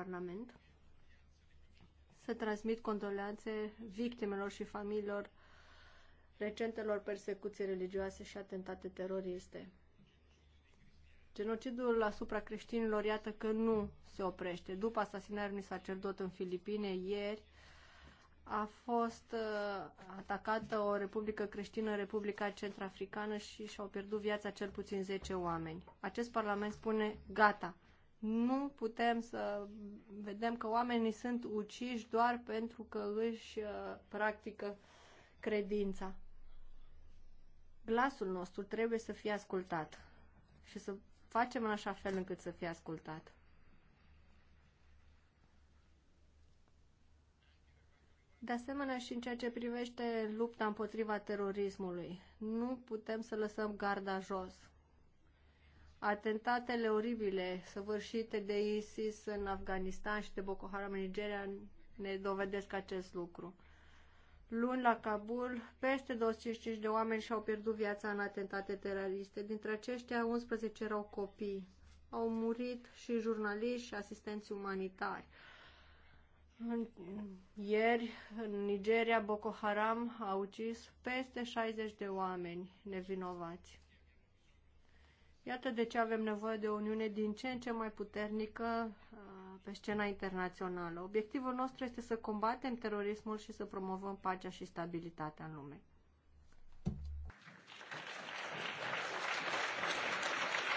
Parlament, să transmit condoleanțe victimelor și familiilor recentelor persecuții religioase și atentate teroriste. Genocidul asupra creștinilor, iată că nu se oprește. După asasinarea unui sacerdot în Filipine, ieri, a fost uh, atacată o republică creștină, Republica Centrafricană și și-au pierdut viața cel puțin 10 oameni. Acest parlament spune gata, nu putem să vedem că oamenii sunt uciși doar pentru că își uh, practică credința. Glasul nostru trebuie să fie ascultat și să facem în așa fel încât să fie ascultat. De asemenea, și în ceea ce privește lupta împotriva terorismului, nu putem să lăsăm garda jos. Atentatele oribile săvârșite de ISIS în Afganistan și de Boko Haram în Nigeria ne dovedesc acest lucru. Luni la Kabul, peste 25 de oameni și-au pierdut viața în atentate teroriste. Dintre aceștia, 11 erau copii. Au murit și jurnaliști și asistenți umanitari. Ieri, în Nigeria, Boko Haram a ucis peste 60 de oameni nevinovați. Iată de ce avem nevoie de o Uniune din ce în ce mai puternică uh, pe scena internațională. Obiectivul nostru este să combatem terorismul și să promovăm pacea și stabilitatea în lume.